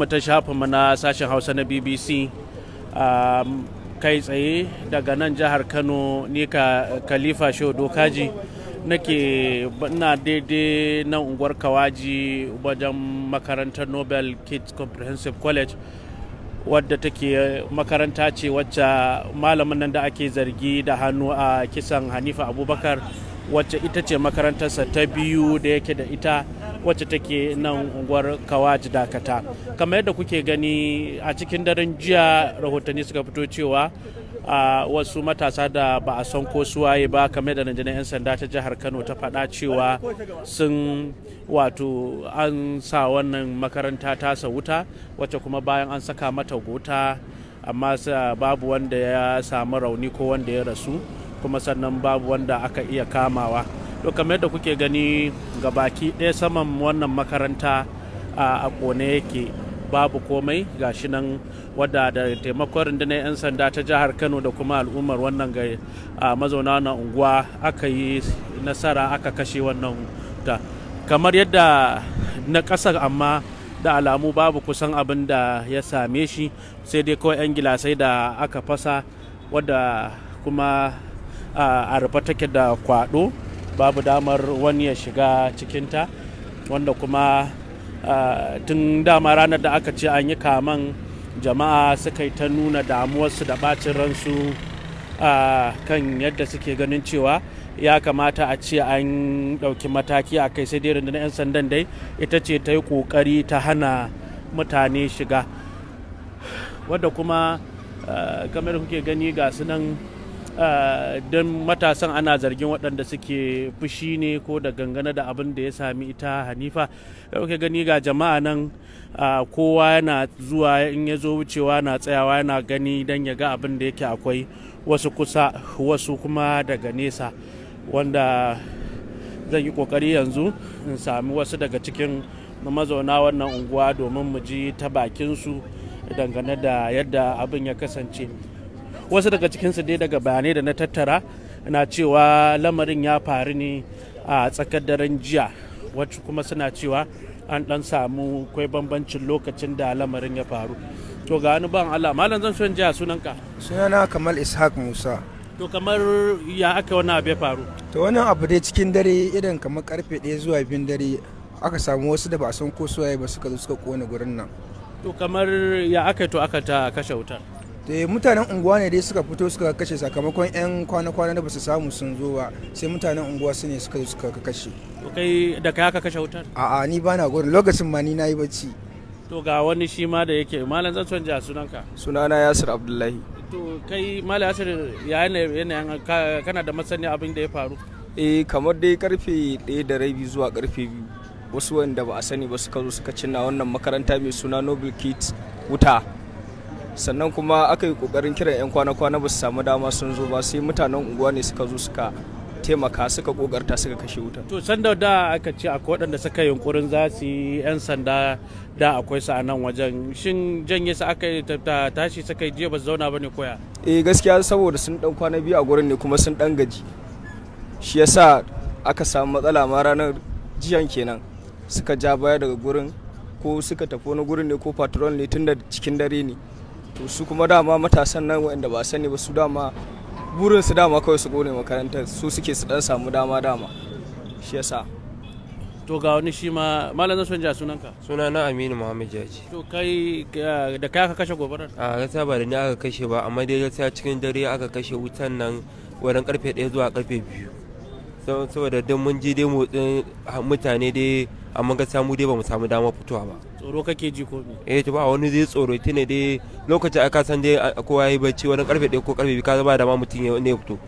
mu ta shafinmu na sashen hausa na bbc um, kai tsaye daga nan jihar kano ni ka khalifa shehu dokaji nake na daidai nan unguwar kawaji wajen makarantar nobel kids comprehensive college wadda take makaranta ce wacce malamin nan da ake zargi da hannu a kisan hanifa abubakar wacce ita ce makarantarsa ta biyu da yake da ita wacce take nan unguwar kawaji dakata kamar yadda kuke gani a cikin daren jiya rahotanni suka fito cewa a wasu matasa da ba a son ko suwaye ba kamar da rundunar 'yan sanda ta jihar kano ta faɗa cewa sun wato an sa wannan makaranta ta sa wuta wacce kuma bayan an saka mata guta amma babu wanda ya samu rauni ko wanda ya rasu kuma sannan babu wanda aka iya kamawa to kamar da kuke gani ga baki ɗaya saman wannan makaranta a kone yake babu komai gashi nan wadda da taimakon rundunar 'yan sanda ta jihar kano da kuma al'ummar wannan ga mazauna na unguwa aka yi nasara aka kashe wannan ta kamar yadda na ƙasa amma da alamu babu kusan abin da ya same shi sai dai kawai 'yan gilasai da aka fasa wadda kuma a rufe take da kwado babu damar wani ya shiga cikinta wanda kuma ah, tun dama ranar da aka ce an yi kaman jama'a suka yi ta nuna damuwarsu da bacin ransu ah, kan yadda suke ganin cewa ya kamata a ce an ɗauki mataki a kai sai dai rundunar 'yan sandan dai ita ce ta yi ƙoƙari ta hana mutane shiga wadda kuma ah, kamar kuke gani ga su nan Ah, don matasan ana zargin waɗanda suke fushi ne ko da gangana da abin da ya sami ita hanifa da kuke gani ga jama'a nan ah, kowa yana zuwa in ya zo wucewa na tsayawa yana gani don ya ga abin da yake akwai wasu kusa wasu kuma daga nesa wanda zan yi kokari yanzu in sami wasu daga cikin mazauna wannan unguwa domin mu ji ta bakinsu dangane da yadda abin ya kasance wasu daga cikinsu dai daga bayanai da na tattara na cewa lamarin ya faru ne a tsakar daren jiya wacce kuma suna cewa an dan samu kwai bambancin lokacin da lamarin ya faru to ga wani ban Allah malam zan son jiya sunanka sunana Kamal Ishaq Musa to kamar ya aka wani abu ya faru to wannan abu dai cikin dare idan kamar karfe 1 zuwa 2 dare aka samu wasu da ba san ko suwaye ba suka zo suka kona gurin nan to kamar ya aka to aka ta kashe wutar da eh, mutanen unguwa ne dai suka fito suka kashe sakamakon 'yan kwana-kwana da ba su samu sun zo ba sai mutanen unguwa su ne suka zo suka kashe kai da kai aka kashe wutar a'a ni ba na gurin lokacin ma ni nayi bacci to ga wani shi ma da yake malam zan canja sunanka sunana yasir abdullahi to kai malam yasir ya yanayin kana da masani abin da ya faru eh kamar dai karfe 1 da rabi zuwa karfe 2 wasu wanda ba a sani ba suka zo suka cinna wannan makaranta mai suna noble kids wuta sannan kuma aka yi kokarin kiran 'yan kwana-kwana ba su samu dama sun zo ba sai mutanen unguwa ne suka zo suka taimaka suka kokarta suka kashe wuta. to sanda da aka ce akwai waɗanda suka yunkurin za su yi 'yan sanda da akwai su a nan wajen shin janye su aka yi tashi suka yi jiya ba zauna ba ne koya. eh gaskiya saboda sun dan kwana biyu a gurin ne kuma sun dan gaji shi yasa aka samu matsala ma ranar jiyan kenan suka ja baya daga gurin ko suka tafi wani gurin ne ko patron ne tun da cikin dare ne to su kuma dama matasan nan wa'anda ba sani ba su dama burin su dama kawai su gone makarantar su suke su dan samu dama dama shi yasa to ga wani shi ma malam zan sunan sunanka suna na aminu muhammad jaji to kai da kai aka kashe gobarar a gaskiya ba da ni aka kashe ba amma dai gaskiya cikin dare aka kashe wutan nan wurin karfe 1 zuwa karfe 2 saboda dan mun ji dai motsin mutane dai amma gaskiya mu dai bamu samu dama fitowa ba tsoro kake ji ko me eh to ba wani zai tsoro ta ne dai lokacin aka san dai kowa yayi bacci wani karfe 1 ko karfe 2 ka ba ma mutum ne ya fito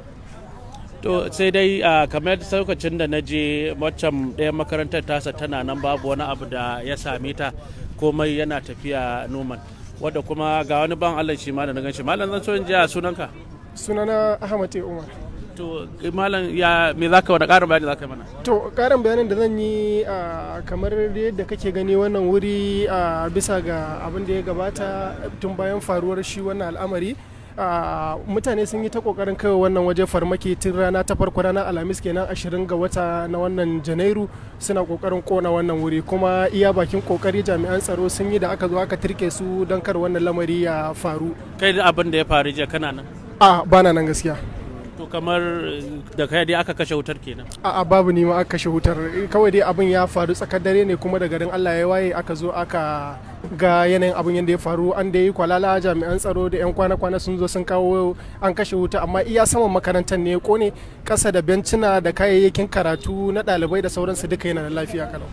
to sai dai kamar lokacin da naje waccan ɗaya makarantar tasa tana nan babu wani abu da ya same ta komai yana tafiya noman wadda kuma ga wani ban allah shi malam da na gan shi malam zan so in ji a sunanka sunana ahmad umar to eh, malam ya me zaka wani karin bayani zaka mana to karin bayanin da zan yi kamar yadda kake gani wannan wuri bisa ga abin da ya gabata tun bayan faruwar shi wannan al'amari mutane sun yi ta kokarin kai wannan waje farmaki tun rana ta farko rana alhamis kenan ashirin ga wata na wannan janairu suna kokarin kona wannan wuri kuma iya bakin kokari jami'an tsaro sun yi da aka zo aka tirke su don kar wannan lamari ya faru kai da abin da ya faru jiya kana nan a bana nan gaskiya to kamar da kai dai aka kashe wutar kenan a'a babu ni ma aka kashe wutar kawai dai abin ya faru tsakar dare ne kuma da garin Allah ya waye aka zo aka ga yanayin abin yadda ya faru an da yi kwalala jami'an tsaro da 'yan kwana-kwana sun zo sun kawo an kashe wuta amma iya saman makarantar ne kone kasa da bencina da kayayyakin karatu na ɗalibai da sauransu duka yana da lafiya kalau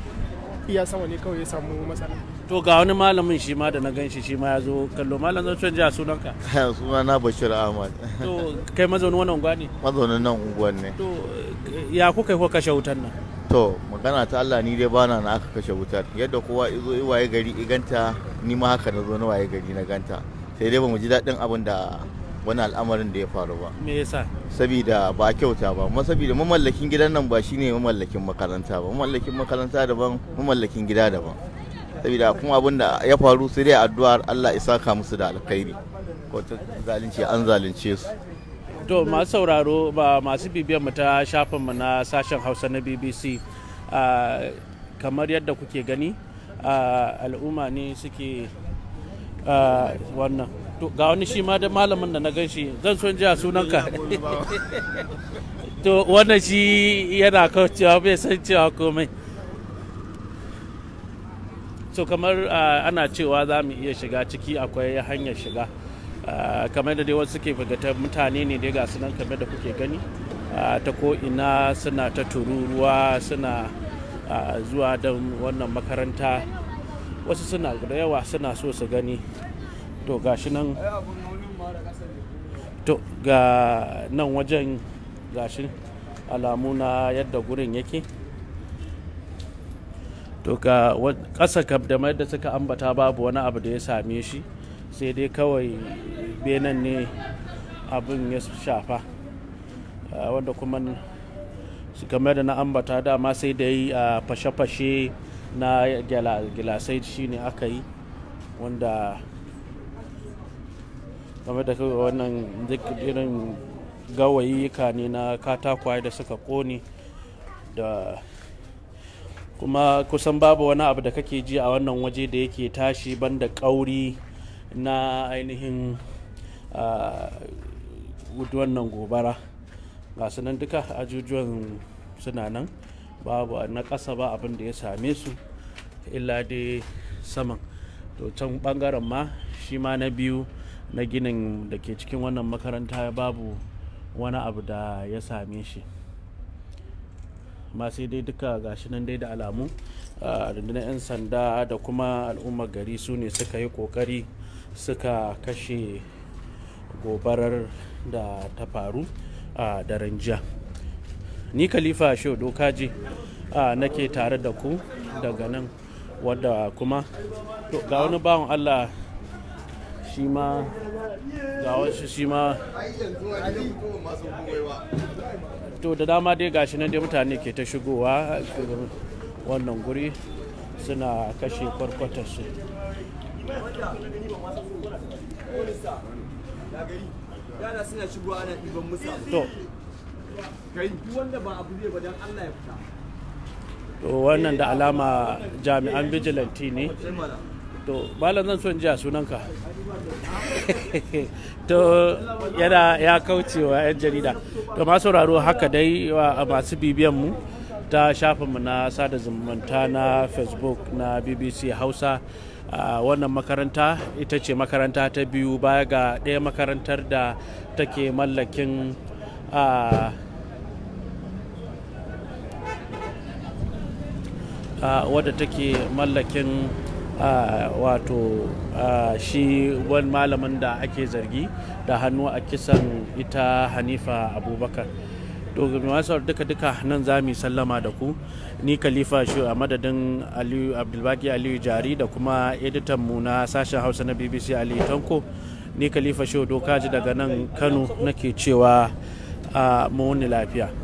iya sama ne kawai ya samu matsala to ga wani malamin shi ma da na ganshi shi ma ya zo kallo malam zan canja sunanka suna na bashir ahmad to kai mazaunin wannan unguwa ne mazaunin nan unguwa ne to ya kuka ko kashe wutan nan to magana ta Allah ni dai bana na aka kashe wutar yadda kowa izo iwaye gari iganta ni ma haka na zo na waye gari na ganta sai dai bamu ji daɗin abin da wani al'amarin da ya faru ba me yasa saboda ba kyauta ba kuma saboda mamallakin gidan nan ba shine mamallakin makaranta ba mamallakin makaranta daban mamallakin gida daban saboda kuma abin da ya faru sai dai addu'a Allah isa ka musu da alkhairi ko ta zalunci an zalunce su to masu sauraro ba masu bibiyan mu ta shafin mu na sashen Hausa na BBC kamar yadda kuke gani al'umma ne suke wannan ga wani shi ma da malamin da na gan shi zan son jiya sunanka to wannan shi yana cewa bai san cewa komai so kamar ah, ana cewa za mu iya shiga ciki akwai hanyar shiga ah, kamar da dai wasu ke fagata mutane ne dai ga nan kamar da kuke gani ah, ta ko ina suna ta tururuwa suna zuwa don wannan makaranta wasu suna da yawa suna so su gani to ga shi nan to ga nan wajen gashi alamu na yadda gurin yake to ka ƙasa kam da da suka ambata babu wani abu da ya same shi sai dai kawai benin ne abin ya shafa ah, wanda kuma kamar da na ambata dama sai da yi a ah, fashe-fashe na gilasai shi ne aka yi wanda game da kawai wannan irin gawayi ne na katakwa da suka kone da kuma kusan babu wani abu da kake ji a wannan waje da yake tashi banda kauri na ainihin wannan gobara ga nan duka ajujuwan suna nan babu na ƙasa ba abin da ya same su illa dai saman to can bangaren ma shi ma na biyu na ginin da ke cikin wannan makaranta babu wani abu da ya same shi amma sai dai duka gashi nan dai da alamu rundunar 'yan sanda da kuma al'ummar gari su ne suka yi kokari suka kashe gobarar da ta faru a daren jiya ni khalifa shehu a nake tare da ku daga nan wadda kuma ga wani bawan allah shi ma ga wasu shi ma to da dama dai gashi nan dai mutane ke ta shigowa wannan guri suna kashe kwarkwatar su. to to wannan da alama jami'an vigilante ne to malam zan son jiya sunanka to yana ya kaucewa 'yan jarida to masu sauraro haka dai a masu bibiyan mu ta shafinmu na sada zumunta na facebook na bbc hausa uh, wannan makaranta ita ce makaranta ta biyu baya ga ɗaya makarantar da take mallakin uh, uh, wadda take mallakin wato shi wani malamin da ake zargi da hannu a kisan ita hanifa abubakar to masu duka duka nan za mu sallama da ku ni kalifa shi a madadin abdulbaki aliyu jari da kuma editan mu na sashen hausa na bbc ali tanko ni kalifa shi doka ji daga nan kano nake cewa mu wuni lafiya